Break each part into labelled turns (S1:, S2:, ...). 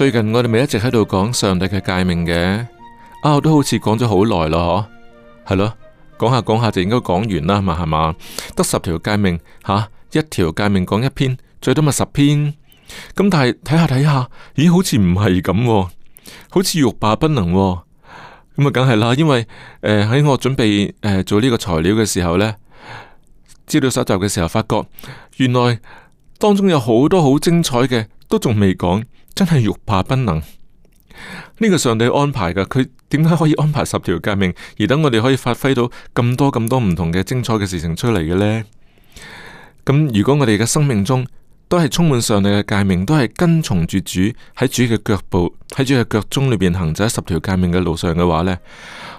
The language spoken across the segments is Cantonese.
S1: 最近我哋咪一直喺度講上帝嘅誡命嘅，啊，我都好似講咗好耐咯，嗬，係咯，講下講下就應該講完啦，係嘛，係嘛，得十條誡命，吓，一條誡命講一篇，最多咪十篇，咁但係睇下睇下，咦，好似唔係咁，好似欲罷不能，咁啊，梗係啦，因為誒喺我準備誒做呢個材料嘅時候呢，資料搜集嘅時候發覺，原來當中有好多好精彩嘅都仲未講。真係欲罷不能，呢、這個上帝安排嘅，佢點解可以安排十條誡命，而等我哋可以發揮到咁多咁多唔同嘅精彩嘅事情出嚟嘅呢？咁如果我哋嘅生命中都係充滿上帝嘅誡命，都係跟從住主，喺主嘅腳步，喺主嘅腳蹤裏邊行走喺十條誡命嘅路上嘅話呢，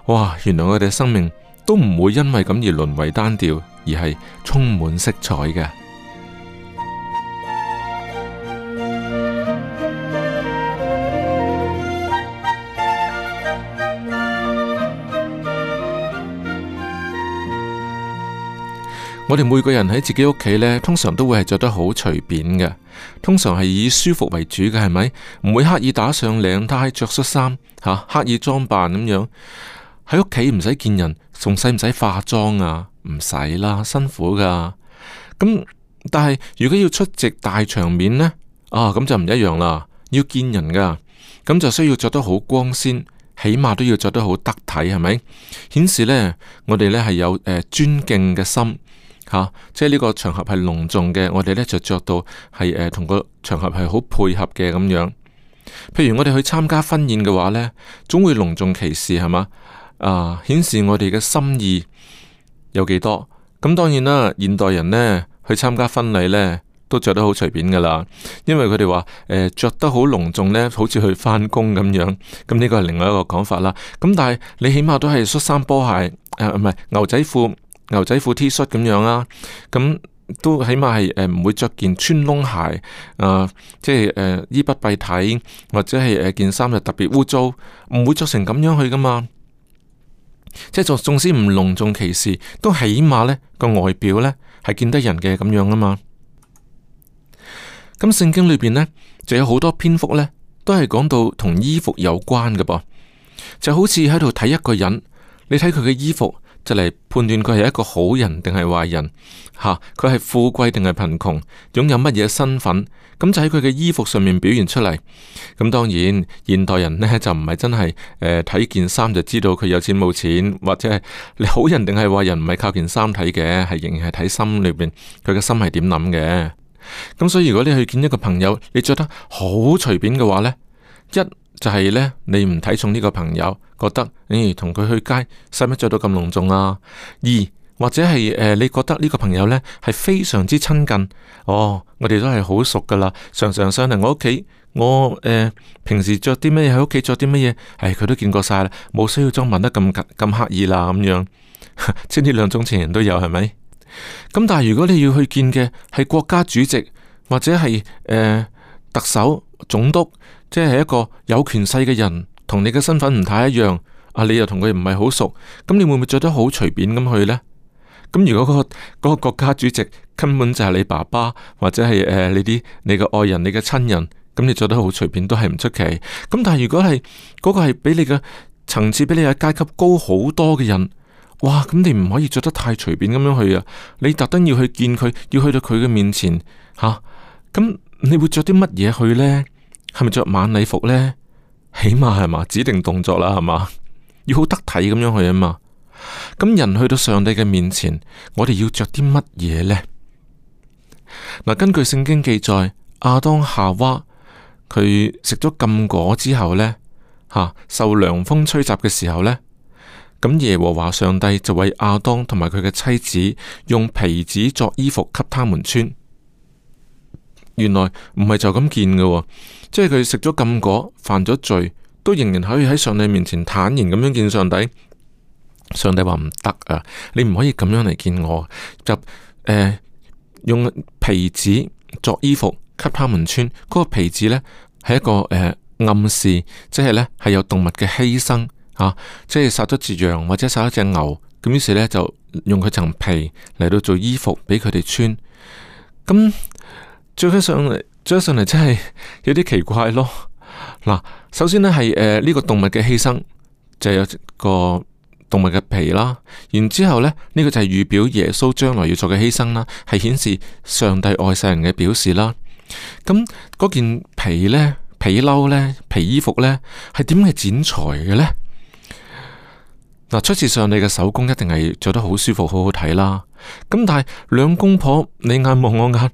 S1: 哇！原來我哋嘅生命都唔會因為咁而淪為單調，而係充滿色彩嘅。我哋每個人喺自己屋企呢，通常都會係着得好隨便嘅，通常係以舒服為主嘅，係咪？唔會刻意打上領呔、着恤衫，吓刻意裝扮咁樣。喺屋企唔使見人，仲使唔使化妝啊？唔使啦，辛苦噶。咁但係如果要出席大場面呢，啊咁就唔一樣啦，要見人噶，咁就需要着得好光鮮，起碼都要着得好得體，係咪？顯示呢，我哋呢係有誒、呃、尊敬嘅心。嚇、啊，即係呢個場合係隆重嘅，我哋呢就着到係誒同個場合係好配合嘅咁樣。譬如我哋去參加婚宴嘅話呢，總會隆重其事係嘛？啊、呃，顯示我哋嘅心意有幾多？咁、嗯、當然啦，現代人呢去參加婚禮呢都着得好隨便噶啦，因為佢哋話誒著得好隆重呢好似去返工咁樣。咁呢個係另外一個講法啦。咁、嗯、但係你起碼都係恤衫波鞋，唔係牛仔褲。牛仔褲 T 恤咁樣啊，咁都起碼係誒唔會着件穿窿鞋，誒、呃、即係誒、呃、衣不蔽體或者係誒件衫就特別污糟，唔會着成咁樣去噶嘛。即係縱縱使唔隆重其事，都起碼呢個外表呢係見得人嘅咁樣啊嘛。咁、嗯、聖經裏邊呢就有好多篇幅呢都係講到同衣服有關嘅噃，就好似喺度睇一個人，你睇佢嘅衣服。就嚟判斷佢係一個好人定係壞人？吓，佢係富貴定係貧窮，擁有乜嘢身份，咁就喺佢嘅衣服上面表現出嚟。咁當然現代人呢，就唔係真係誒睇件衫就知道佢有錢冇錢，或者係你好人定係壞人，唔係靠件衫睇嘅，係仍然係睇心裏邊佢嘅心係點諗嘅。咁所以如果你去見一個朋友，你著得好隨便嘅話呢，一就係呢，你唔睇重呢個朋友，覺得誒，同、哎、佢去街使乜着到咁隆重啊？二或者係誒、呃，你覺得呢個朋友呢係非常之親近，哦，我哋都係好熟噶啦，常常上嚟我屋企，我誒、呃、平時着啲咩嘢喺屋企着啲乜嘢，唉，佢、哎、都見過晒啦，冇需要裝扮得咁咁刻意啦，咁樣，即係呢兩種情形都有，係咪？咁但係如果你要去見嘅係國家主席或者係誒、呃、特首、總督。即係一個有權勢嘅人，同你嘅身份唔太一樣啊。你又同佢唔係好熟，咁你會唔會着得好隨便咁去呢？咁如果嗰、嗰個嗰、嗰個國家主席根本就係你爸爸，或者係誒、呃、你啲你嘅愛人、你嘅親人，咁你着得好隨便都係唔出奇。咁但係如果係嗰、嗰個係比你嘅層次比你嘅階級高好多嘅人，哇！咁你唔可以着得太隨便咁樣去啊。你特登要去見佢，要去到佢嘅面前吓，咁、啊、你會着啲乜嘢去呢？係咪着晚禮服呢？起碼係嘛，指定動作啦，係嘛，要好得體咁樣去啊嘛。咁人去到上帝嘅面前，我哋要着啲乜嘢呢？嗱，根據聖經記載，亞當夏娃佢食咗禁果之後呢，吓受涼風吹襲嘅時候呢，咁耶和華上帝就為亞當同埋佢嘅妻子用皮子作衣服給他們穿。原來唔係就咁見嘅。即係佢食咗禁果，犯咗罪，都仍然可以喺上帝面前坦然咁樣見上帝。上帝話唔得啊，你唔可以咁樣嚟見我。就誒、呃、用皮子作衣服給他們穿。嗰、那個皮子呢，係一個誒、呃、暗示，即係呢，係有動物嘅犧牲啊，即係殺咗隻羊或者殺咗隻牛，咁於是呢，就用佢層皮嚟到做衣服俾佢哋穿。咁最起上嚟。相信嚟真係有啲奇怪咯。嗱，首先呢，係誒呢個動物嘅犧牲，就是、有個動物嘅皮啦。然之後咧呢、呢個就係預表耶穌將來要做嘅犧牲啦，係顯示上帝愛世人嘅表示啦。咁、嗯、嗰件皮呢，皮褸呢，皮衣服呢，係點嘅剪裁嘅呢？嗱、嗯，出自上帝嘅手工，一定係做得好舒服、好好睇啦。咁、嗯、但係兩公婆，你眼望我眼。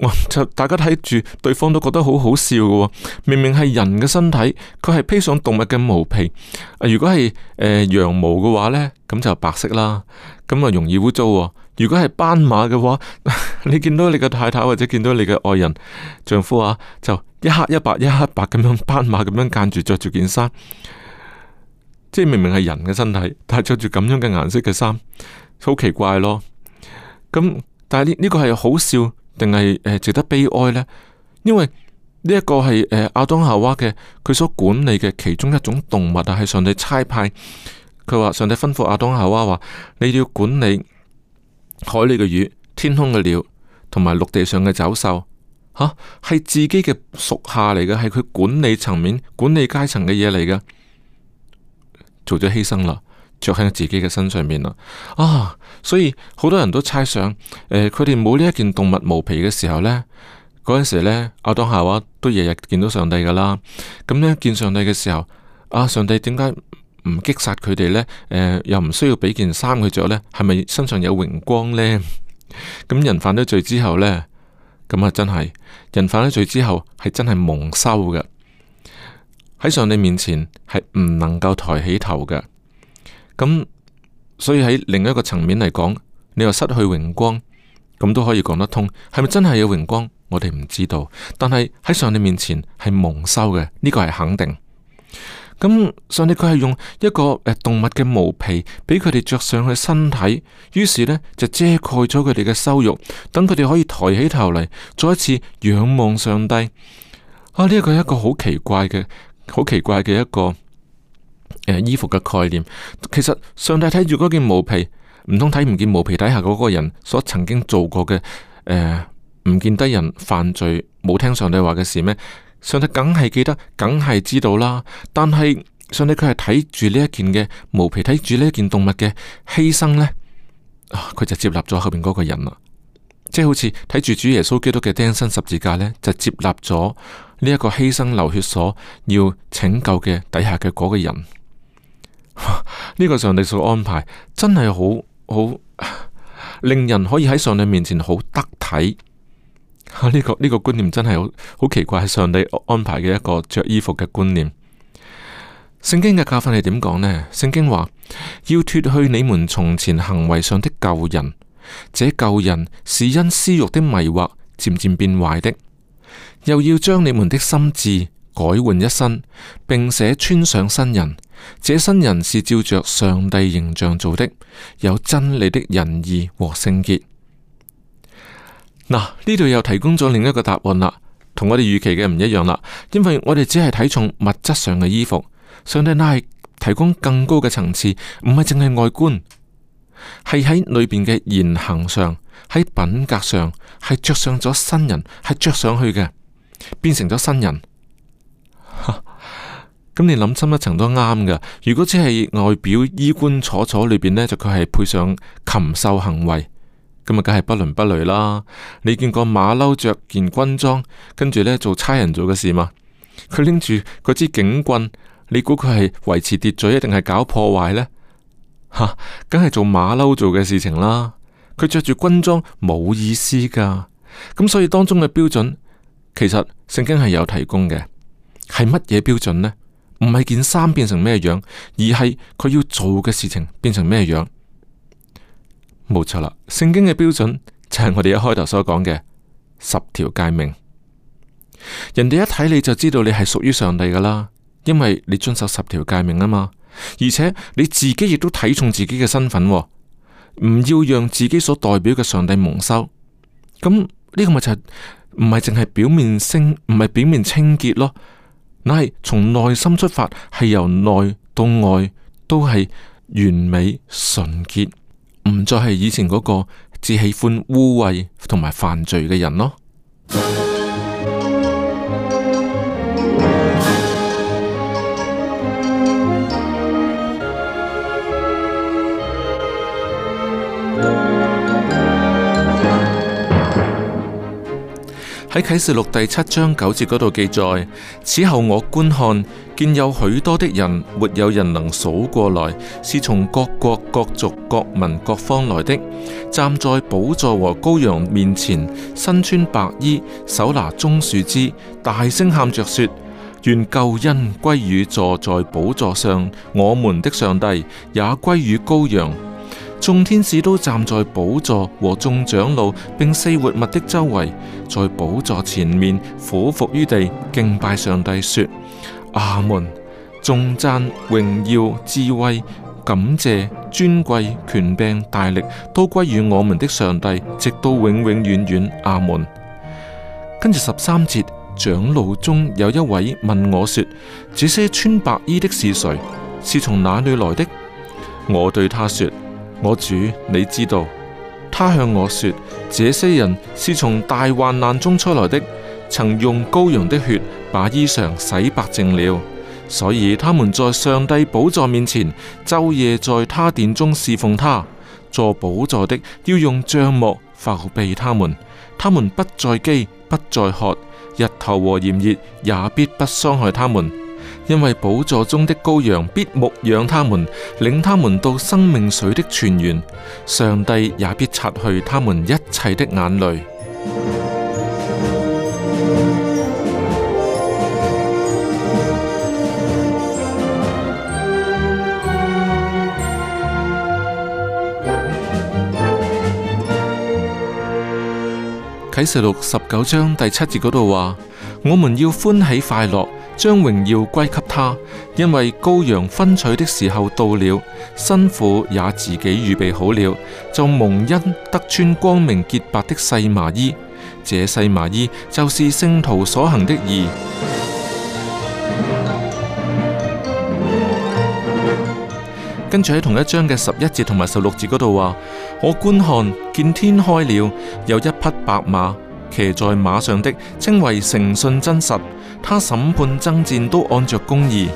S1: 我就大家睇住對方都覺得好好笑嘅。哦，明明係人嘅身體，佢係披上動物嘅毛皮。如果係誒羊毛嘅話呢，咁就白色啦，咁啊容易污糟。哦。如果係斑馬嘅話， 你見到你嘅太太或者見到你嘅愛人丈夫啊，就一黑一白一黑白咁樣斑馬咁樣間住着住件衫，即係明明係人嘅身體，但係着住咁樣嘅顏色嘅衫，好奇怪咯。咁但係呢呢個係好笑，定係值得悲哀呢？因為呢一個係亞當夏娃嘅，佢所管理嘅其中一種動物啊，係上帝差派。佢話上帝吩咐亞當夏娃話，你要管理海裏嘅魚、天空嘅鳥同埋陸地上嘅走獸，吓、啊、係自己嘅屬下嚟嘅，係佢管理層面、管理階層嘅嘢嚟嘅，做咗犧牲喇。着喺自己嘅身上面啊，所以好多人都猜想，佢哋冇呢一件動物毛皮嘅時候呢，嗰陣時呢，阿當夏娃都日日見到上帝噶啦。咁、嗯、呢見上帝嘅時候，啊，上帝點解唔擊殺佢哋呢？呃、又唔需要俾件衫佢着呢，係咪身上有榮光呢，咁、嗯、人犯咗罪之後呢，咁啊，真係人犯咗罪之後係真係蒙羞嘅，喺上帝面前係唔能夠抬起頭嘅。咁所以喺另一個層面嚟講，你又失去榮光，咁都可以講得通。係咪真係有榮光？我哋唔知道。但係喺上帝面前係蒙羞嘅，呢個係肯定。咁上帝佢係用一個誒動物嘅毛皮俾佢哋着上去身體，於是呢，就遮蓋咗佢哋嘅羞辱，等佢哋可以抬起頭嚟再一次仰望上帝。啊！呢個係一個一個好奇怪嘅，好奇怪嘅一個。呃、衣服嘅概念，其實上帝睇住嗰件毛皮，唔通睇唔見毛皮底下嗰個人所曾經做過嘅呃、唔見得人犯罪冇聽上帝話嘅事咩？上帝梗係記得，梗係知道啦。但係上帝佢係睇住呢一件嘅毛皮，睇住呢一件動物嘅犧牲呢，啊、佢就接納咗後邊嗰個人啦，即係好似睇住主耶穌基督嘅釘身十字架呢，就接納咗呢一個犧牲流血所要拯救嘅底下嘅嗰個人。呢個上帝所安排真係好好，令人可以喺上帝面前好得體。呢個呢個觀念真係好好奇怪，係上帝安排嘅一個着衣服嘅觀念。聖經嘅教訓係點講呢？聖經話要脫去你們從前行為上的舊人，這舊人是因私欲的迷惑漸漸變壞的，又要將你們的心智。改換一身，並且穿上新人。這新人是照着上帝形象做的，有真理的仁義和聖潔。嗱，呢度又提供咗另一個答案啦，同我哋預期嘅唔一樣啦。因為我哋只係睇重物質上嘅衣服，上帝乃係提供更高嘅層次，唔係淨係外觀，係喺裏邊嘅言行上，喺品格上，係着上咗新人，係着上去嘅，變成咗新人。咁你諗深一層都啱嘅。如果只係外表衣冠楚楚，裏邊呢，就佢係配上禽獸行為，咁啊，梗係不倫不類啦。你見過馬騮着件軍裝，跟住呢做差人做嘅事嘛？佢拎住嗰支警棍，你估佢係維持秩序，一定係搞破壞呢？吓、啊，梗係做馬騮做嘅事情啦。佢着住軍裝冇意思噶，咁所以當中嘅標準其實聖經係有提供嘅。係乜嘢標準呢？唔係件衫變成咩樣，而係佢要做嘅事情變成咩樣。冇錯啦，聖經嘅標準就係我哋一開頭所講嘅十條誡命。人哋一睇你就知道你係屬於上帝噶啦，因為你遵守十條誡命啊嘛。而且你自己亦都睇重自己嘅身份，唔要讓自己所代表嘅上帝蒙羞。咁呢個咪就係唔係淨係表面清，唔係表面清潔咯。乃係從內心出發，係由內到外都係完美純潔，唔再係以前嗰個只喜歡污穢同埋犯罪嘅人咯。喺啟示錄第七章九節嗰度記載，此後我觀看，見有許多的人，沒有人能數過來，是從各國各族各民各方來的，站在寶座和羔羊面前，身穿白衣，手拿棕樹枝，大聲喊着說：願救恩歸於坐在寶座上我們的上帝，也歸於羔羊。眾天使都站在寶座和眾長老並四活物的周圍，在寶座前面俯伏於地，敬拜上帝，說：阿門！眾讚榮耀智慧，感謝尊貴權柄大力，都歸於我們的上帝，直到永永遠遠。阿門。跟住十三節，長老中有一位問我說：這些穿白衣的是誰？是從哪裏來的？我對他說。我主，你知道，他向我說，這些人是從大患難中出來的，曾用羔羊的血把衣裳洗白淨了，所以他們在上帝寶座面前，晝夜在他殿中侍奉他。坐寶座的要用帳幕覆庇他們，他們不再饑，不再渴，日頭和炎熱也必不傷害他們。因為寶座中的羔羊必牧養他們，領他們到生命水的泉源，上帝也必擦去他們一切的眼淚。啟示錄十九章第七節嗰度話：我們要歡喜快樂。將榮耀歸給他，因為羔羊婚娶的時候到了，新婦也自己預備好了，就蒙恩得穿光明潔白的細麻衣。這細麻衣就是聖徒所行的義。 跟住喺同一章嘅十一節同埋十六節嗰度話： 我觀看見天開了，有一匹白馬騎在馬上的，稱為誠信真實。他審判爭戰都按着公義，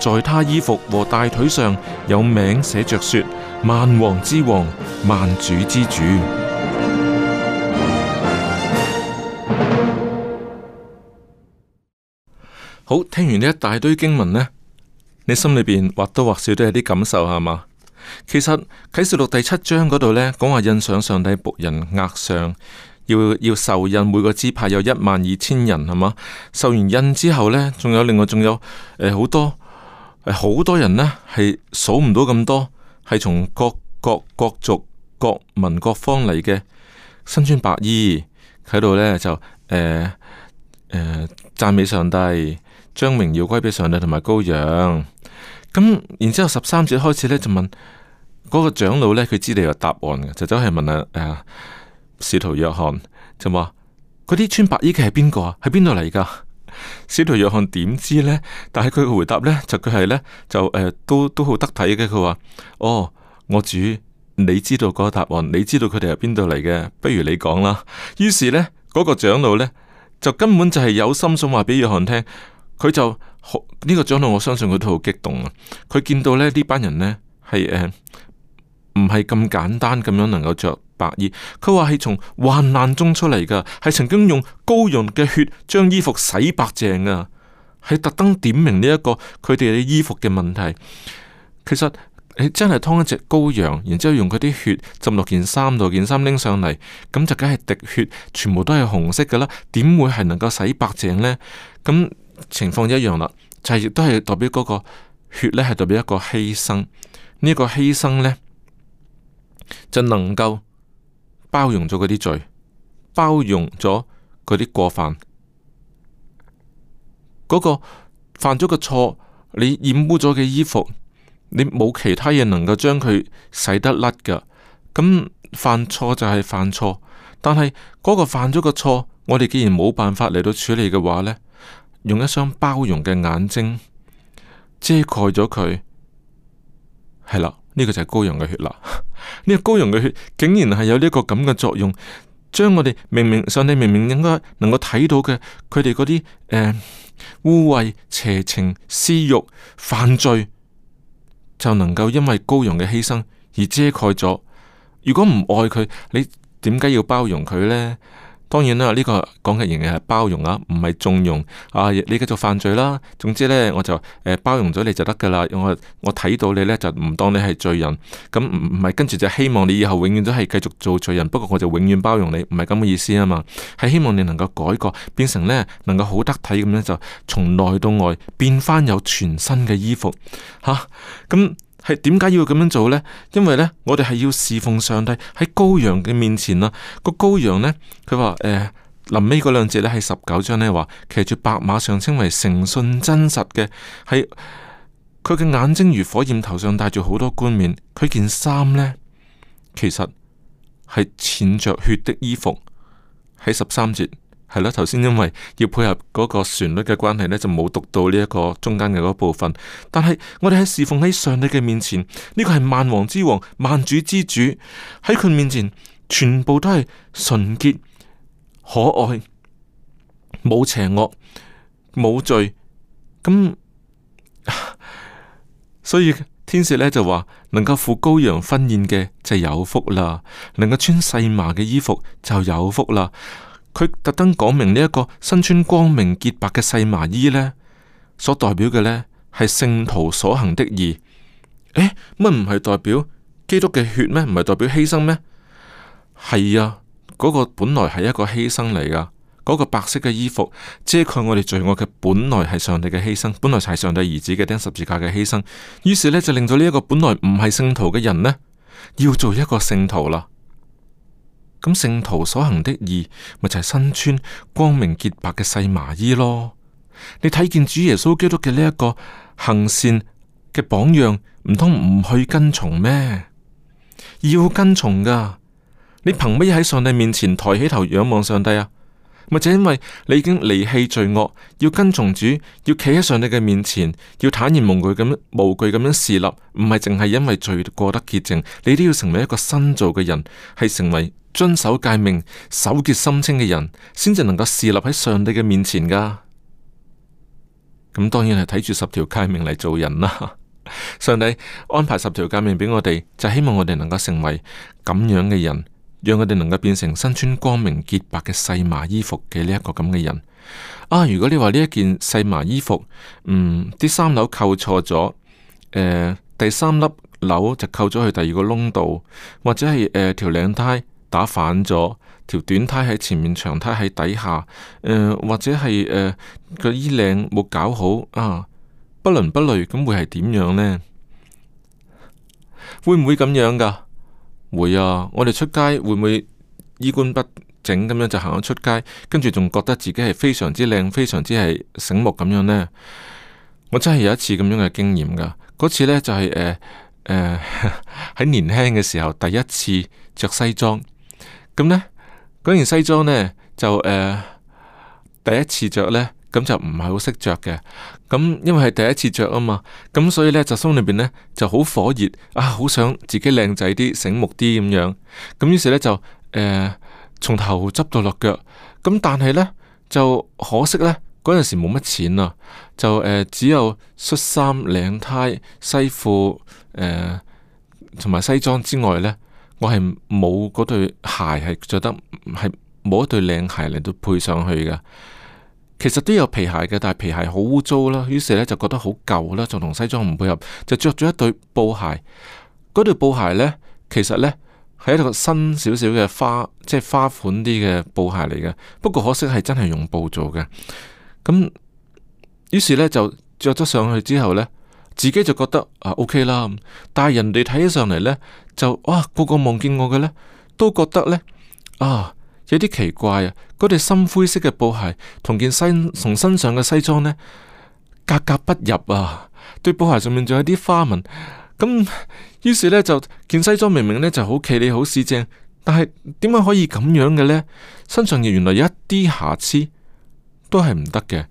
S1: 在他衣服和大腿上有名寫着說：萬王之王，萬主之主。好，聽完呢一大堆經文呢，你心裏邊或多或少都有啲感受係咪？其實啟示錄第七章嗰度呢，講話印上上帝僕人額上。要要受印，每個支派有一萬二千人，係嘛？受完印之後呢，仲有另外仲有呃、好多、呃、好多人呢，係數唔到咁多，係從各國各，各，各族各民各方嚟嘅，身穿白衣喺度呢就誒呃呃、讚美上帝，將榮耀歸俾上帝同埋羔羊。咁然之後十三節開始呢，就問嗰、嗰個長老呢，佢知你有答案嘅，就走去問啊、呃呃呃使徒約翰就話：嗰啲穿白衣嘅係邊個啊？喺邊度嚟㗎？使徒約翰點知呢？但係佢嘅回答呢，就佢係呢，就誒、呃，都都好得體嘅。佢話：哦，我主，你知道嗰個答案，你知道佢哋係邊度嚟嘅？不如你講啦。於是呢，嗰、那個長老呢，就根本就係有心想話俾約翰聽。佢就呢、這個長老，我相信佢都好激動啊！佢見到咧呢班人呢，係誒，唔係咁簡單咁樣能夠着。白衣，佢話係從患難中出嚟噶，係曾經用羔羊嘅血將衣服洗白淨噶，係特登點明呢一個佢哋嘅衣服嘅問題。其實你真係劏一隻羔羊，然之後用佢啲血浸落件衫度，件衫拎上嚟，咁就梗係滴血，全部都係紅色噶啦，點會係能夠洗白淨呢？咁情況一樣啦，就係、是、亦都係代表嗰個血咧，係代表一個犧牲，呢、這個犧牲呢，就能夠。包容咗嗰啲罪，包容咗嗰啲過犯，嗰個犯咗個錯，你染污咗嘅衣服，你冇其他嘢能夠將佢洗得甩噶。咁犯錯就係犯錯，但係嗰個犯咗個錯，我哋既然冇辦法嚟到處理嘅話呢，用一雙包容嘅眼睛遮蓋咗佢，係啦。呢個就係羔羊嘅血啦，呢 個羔羊嘅血竟然係有呢、這個咁嘅作用，將我哋明明上帝明明應該能夠睇到嘅佢哋嗰啲誒污穢、邪情、私欲、犯罪，就能夠因為羔羊嘅犧牲而遮蓋咗。如果唔愛佢，你點解要包容佢呢？當然啦，呢個講嘅仍然係包容啊，唔係縱容啊，你繼續犯罪啦。總之呢，我就包容咗你就得噶啦。我我睇到你呢，就唔當你係罪人，咁唔唔係跟住就希望你以後永遠都係繼續做罪人。不過我就永遠包容你，唔係咁嘅意思啊嘛，係希望你能夠改過，變成呢，能夠好得體咁樣就從內到外變翻有全新嘅衣服咁。啊係點解要咁樣做呢？因為呢，我哋係要侍奉上帝喺羔羊嘅面前啦。個羔羊呢，佢話誒，臨尾嗰兩節呢，係十九章呢話，騎住白馬，上稱為誠信真實嘅，係佢嘅眼睛如火焰，頭上戴住好多冠冕，佢件衫呢，其實係濺着血的衣服，喺十三節。係咯，頭先因為要配合嗰個旋律嘅關係呢，就冇讀到呢一個中間嘅嗰部分。但係我哋喺侍奉喺上帝嘅面前，呢個係萬王之王、萬主之主，喺佢面前，全部都係純潔、可愛、冇邪惡、冇罪。咁 所以天使呢，就話，能夠赴羔羊婚宴嘅就有福啦，能夠穿細麻嘅衣服就有福啦。佢特登講明呢一個身穿光明潔白嘅細麻衣呢，所代表嘅呢，係聖徒所行的義。乜唔係代表基督嘅血咩？唔係代表犧牲咩？係啊，嗰個本來係一個犧牲嚟噶，嗰個白色嘅衣服遮蓋我哋罪惡嘅，本來係上帝嘅犧牲，本來就係上帝兒子嘅釘十字架嘅犧牲。於是呢，就令到呢一個本來唔係聖徒嘅人呢，要做一個聖徒啦。咁聖徒所行的義，咪就係身穿光明潔白嘅細麻衣咯？你睇見主耶穌基督嘅呢一個行善嘅榜樣，唔通唔去跟從咩？要跟從噶，你憑乜嘢喺上帝面前抬起頭仰望上帝啊？或者因為你已經離棄罪惡，要跟從主，要企喺上帝嘅面前，要坦然無懼咁無懼咁樣侍立，唔係淨係因為罪過得潔淨，你都要成為一個新造嘅人，係成為遵守誡命、守潔心清嘅人，先至能夠侍立喺上帝嘅面前噶。咁當然係睇住十條誡命嚟做人啦。上帝安排十條誡命俾我哋，就係希望我哋能夠成為咁樣嘅人。讓佢哋能夠變成身穿光明潔白嘅細麻衣服嘅呢一個咁嘅人啊！如果你話呢一件細麻衣服，嗯，啲衫紐扣錯咗，誒、呃，第三粒紐就扣咗去第二個窿度，或者係誒、呃、條領呔打反咗，條短呔喺前面，長呔喺底下，誒、呃，或者係誒個衣領冇搞好啊，不倫不類，咁會係點樣呢？會唔會咁樣噶？會啊！我哋出街會唔會衣冠不整咁樣就行咗出街，跟住仲覺得自己係非常之靚、非常之係醒目咁樣呢？我真係有一次咁樣嘅經驗㗎。嗰次呢就係誒喺年輕嘅時候，第一次着西裝，咁呢，嗰件西裝呢，就誒、呃、第一次着呢。咁就唔係好識着嘅，咁因為係第一次着啊嘛，咁所以呢，就心裏邊呢就好火熱啊，好想自己靚仔啲、醒目啲咁樣，咁於是呢，就誒從、呃、頭執到落腳，咁但係呢，就可惜呢，嗰陣時冇乜錢啊，就誒、呃、只有恤衫、領呔、西褲誒同埋西裝之外呢，我係冇嗰對鞋係着得係冇一對靚鞋嚟到配上去嘅。其實都有皮鞋嘅，但係皮鞋好污糟啦，於是咧就覺得好舊啦，就同西裝唔配合，就着咗一對布鞋。嗰對布鞋呢，其實呢，係一個新少少嘅花，即係花款啲嘅布鞋嚟嘅。不過可惜係真係用布做嘅。咁於是呢，就着咗上去之後呢，自己就覺得啊 OK 啦，但係人哋睇起上嚟呢，就哇個個望見我嘅呢，都覺得呢，啊，有啲奇怪啊！嗰對深灰色嘅布鞋同件西同身上嘅西裝呢，格格不入啊！對布鞋上面仲有啲花紋，咁於是呢，就件西裝明明呢就好企理好四正，但係點解可以咁樣嘅呢？身上又原來有一啲瑕疵都係唔得嘅，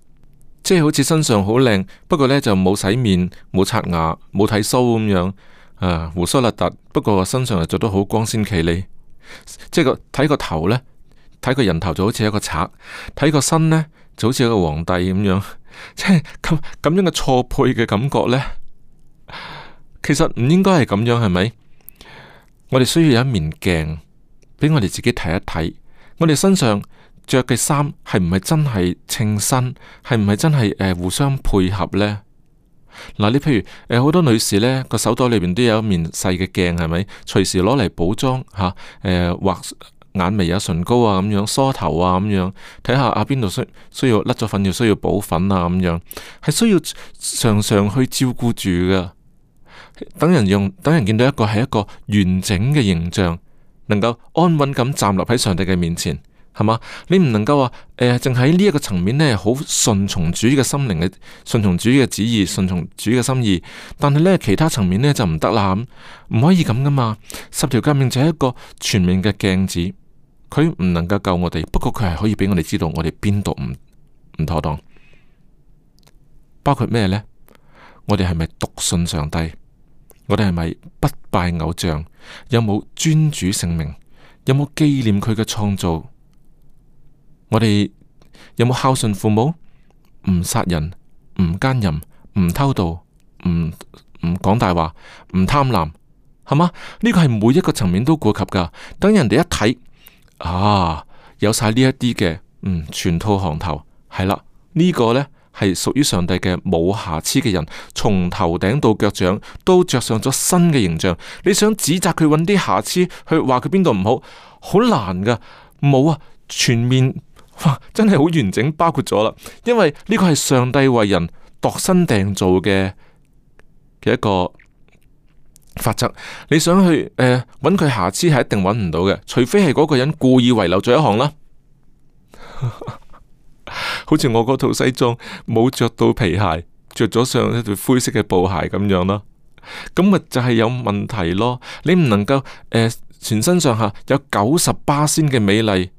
S1: 即係好似身上好靚，不過呢就冇洗面、冇刷牙、冇剃鬚咁樣，啊鬍鬚邋遢，不過身上又着得好光鮮企理，即係個睇個頭呢。睇個人頭就好似一個賊，睇個身呢就好似一個皇帝咁樣，即係咁咁樣嘅錯配嘅感覺呢，其實唔應該係咁樣，係咪？我哋需要有一面鏡，俾我哋自己睇一睇，我哋身上着嘅衫係唔係真係稱身，係唔係真係、呃、互相配合呢？嗱、呃，你譬如呃、好多女士呢，個手袋裏面都有一面細嘅鏡，係咪？隨時攞嚟補妝吓，或、啊。呃眼眉啊，唇膏啊，咁樣梳頭啊，咁樣睇下啊，邊度需需要甩咗粉要需要補粉啊，咁樣係需要常常去照顧住噶。等人用，等人見到一個係一個完整嘅形象，能夠安穩咁站立喺上帝嘅面前，係嘛？你唔能夠話，誒、呃，淨喺呢一個層面呢，好順從主嘅心靈嘅，順從主嘅旨意，順從主嘅心意，但係呢，其他層面呢，就唔得啦，唔可以咁噶嘛。十條誡命就係一個全面嘅鏡子。佢唔能夠救我哋，不過佢係可以俾我哋知道我哋邊度唔唔妥當，包括咩呢？我哋係咪獨信上帝？我哋係咪不拜偶像？有冇尊主聖名？有冇紀念佢嘅創造？我哋有冇孝順父母？唔殺人，唔奸淫，唔偷盜，唔唔講大話，唔貪婪，係嘛？呢個係每一個層面都顧及噶。等人哋一睇。啊，有晒呢一啲嘅，嗯，全套行頭係啦，呢、呢個呢，係屬於上帝嘅冇瑕疵嘅人，從頭頂到腳掌都着上咗新嘅形象。你想指責佢揾啲瑕疵去話佢邊度唔好，好難噶，冇啊，全面哇，真係好完整，包括咗啦，因為呢個係上帝為人度身訂造嘅嘅一個。法則你想去揾佢、呃、瑕疵係一定揾唔到嘅，除非係嗰個人故意遺留咗一項啦。 好似我嗰套西裝冇着到皮鞋，着咗上一對灰色嘅布鞋咁樣啦。咁 咪就係有問題咯。你唔能夠、呃、全身上下有九十八仙嘅美麗，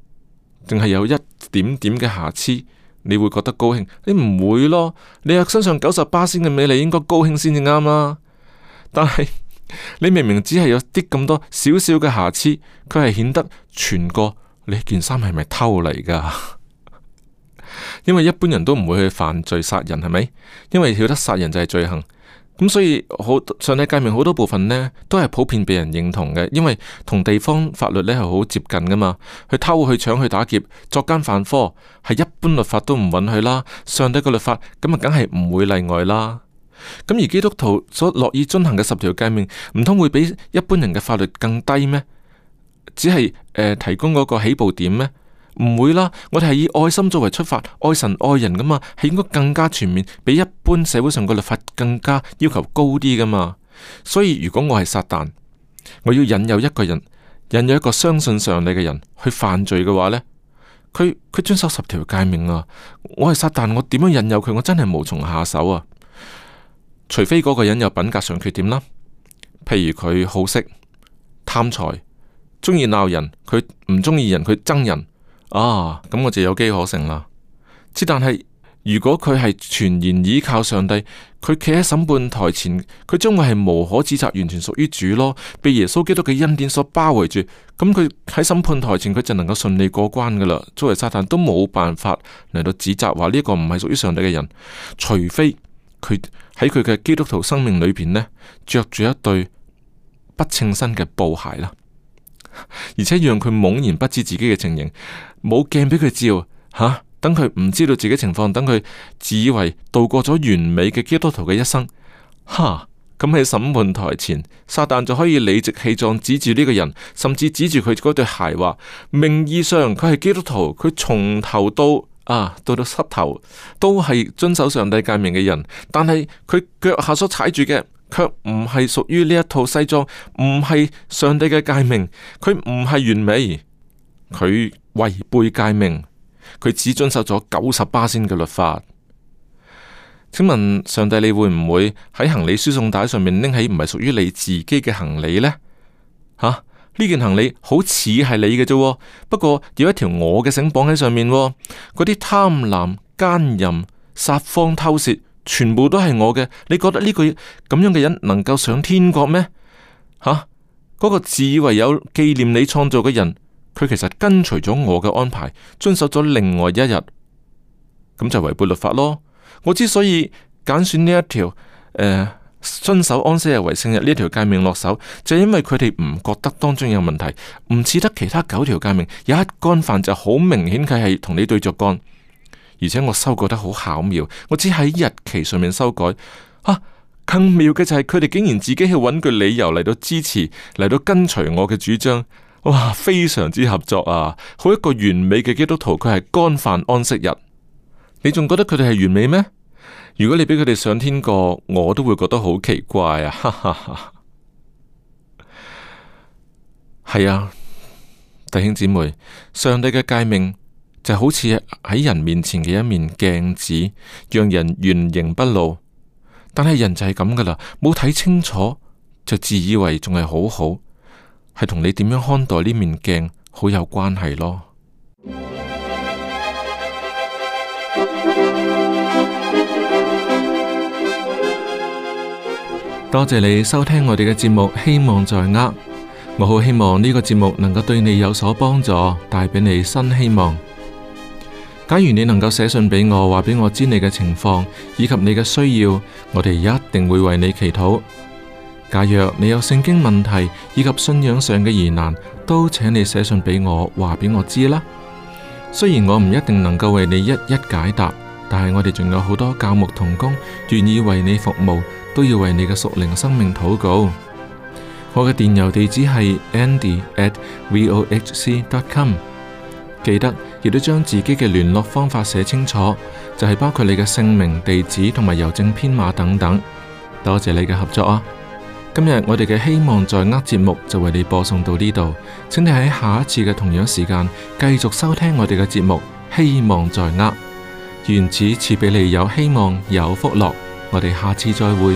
S1: 淨係有一點點嘅瑕疵，你會覺得高興？你唔會咯。你身上九十八仙嘅美麗，應該高興先至啱啦。但係。你明明只係有啲咁多小小嘅瑕疵，佢係顯得全個你件衫係咪偷嚟噶？ 因為一般人都唔會去犯罪殺人，係咪？因為曉得殺人就係罪行，咁所以好上帝界面好多部分呢，都係普遍被人認同嘅，因為同地方法律呢係好接近噶嘛。去偷、去搶、去打劫、作奸犯科，係一般律法都唔允許啦。上帝嘅律法咁啊，梗係唔會例外啦。咁而基督徒所樂意遵行嘅十條誡命，唔通會比一般人嘅法律更低咩？只係、呃、提供嗰個起步點咩？唔會啦。我哋係以愛心作為出發，愛神愛人噶嘛，係應該更加全面，比一般社會上嘅律法更加要求高啲噶嘛。所以如果我係撒旦，我要引誘一個人，引誘一個相信上帝嘅人去犯罪嘅話呢，佢佢遵守十條誡命啊。我係撒旦，我點樣引誘佢？我真係無從下手啊！除非嗰個人有品格上缺點啦，譬如佢好色、貪財、中意鬧人，佢唔中意人佢憎人啊，咁我就有機可乘啦。之但係如果佢係全然依靠上帝，佢企喺審判台前，佢將會係無可指責，完全屬於主咯，被耶穌基督嘅恩典所包圍住，咁佢喺審判台前佢就能夠順利過關噶啦，作為撒旦都冇辦法嚟到指責話呢個唔係屬於上帝嘅人，除非。佢喺佢嘅基督徒生命裏邊呢，着住一對不稱身嘅布鞋啦，而且讓佢懵然不知自己嘅情形，冇鏡俾佢照吓，等佢唔知道自己情況，等佢自以為度過咗完美嘅基督徒嘅一生，吓咁喺審判台前，撒旦就可以理直氣壯指住呢個人，甚至指住佢嗰對鞋話，名義上佢係基督徒，佢從頭到。啊，到到膝頭都係遵守上帝誡命嘅人，但係佢腳下所踩住嘅，卻唔係屬於呢一套西裝，唔係上帝嘅誡命，佢唔係完美，佢違背誡命，佢只遵守咗九十八仙嘅律法。請問上帝，你會唔會喺行李輸送帶上面拎起唔係屬於你自己嘅行李呢？啊？呢件行李好似係你嘅啫，不過有一條我嘅繩綁喺上面。嗰啲貪婪、奸淫、殺方偷竊，全部都係我嘅。你覺得呢個咁樣嘅人能夠上天國咩？吓，嗰、嗰個自以為有紀念你創造嘅人，佢其實跟隨咗我嘅安排，遵守咗另外一日，咁就違背律法咯。我之所以揀選呢一條，誒、呃。遵守安息日為聖日，呢條誡命落手，就係、因為佢哋唔覺得當中有問題，唔似得其他九條誡命有一干犯就好明顯佢係同你對着幹，而且我修改得好巧妙，我只喺日期上面修改。啊、更妙嘅就係佢哋竟然自己去揾個理由，嚟到支持，嚟到跟隨我嘅主張。哇，非常之合作啊！好一個完美嘅基督徒，佢係干犯安息日。你仲覺得佢哋係完美咩？如果你俾佢哋上天過，我都會覺得好奇怪啊！哈哈哈，係啊，弟兄姊妹，上帝嘅誡命就好似喺人面前嘅一面鏡子，讓人原形不露。但係人就係咁噶啦，冇睇清楚就自以為仲係好好，係同你點樣看待呢面鏡好有關係咯。多謝你收聽我哋嘅節目，希望在握。我好希望呢個節目能夠對你有所幫助，帶俾你新希望。假如你能夠寫信俾我，話俾我知你嘅情況以及你嘅需要，我哋一定會為你祈禱。假若你有聖經問題以及信仰上嘅疑難，都請你寫信俾我，話俾我知啦。雖然我唔一定能夠為你一一解答，但係我哋仲有好多教牧同工願意為你服務。都要為你嘅屬靈嘅生命禱告。我嘅電郵地址係 andy@vohc.com，記得亦都將自己嘅聯絡方法寫清楚，就係包括你嘅姓名、地址同埋郵政編碼等等。多謝你嘅合作啊！今日我哋嘅希望在握節目就為你播送到呢度，請你喺下一次嘅同樣時間繼續收聽我哋嘅節目。希望在握，願主賜俾你有希望，有福樂。我哋下次再會。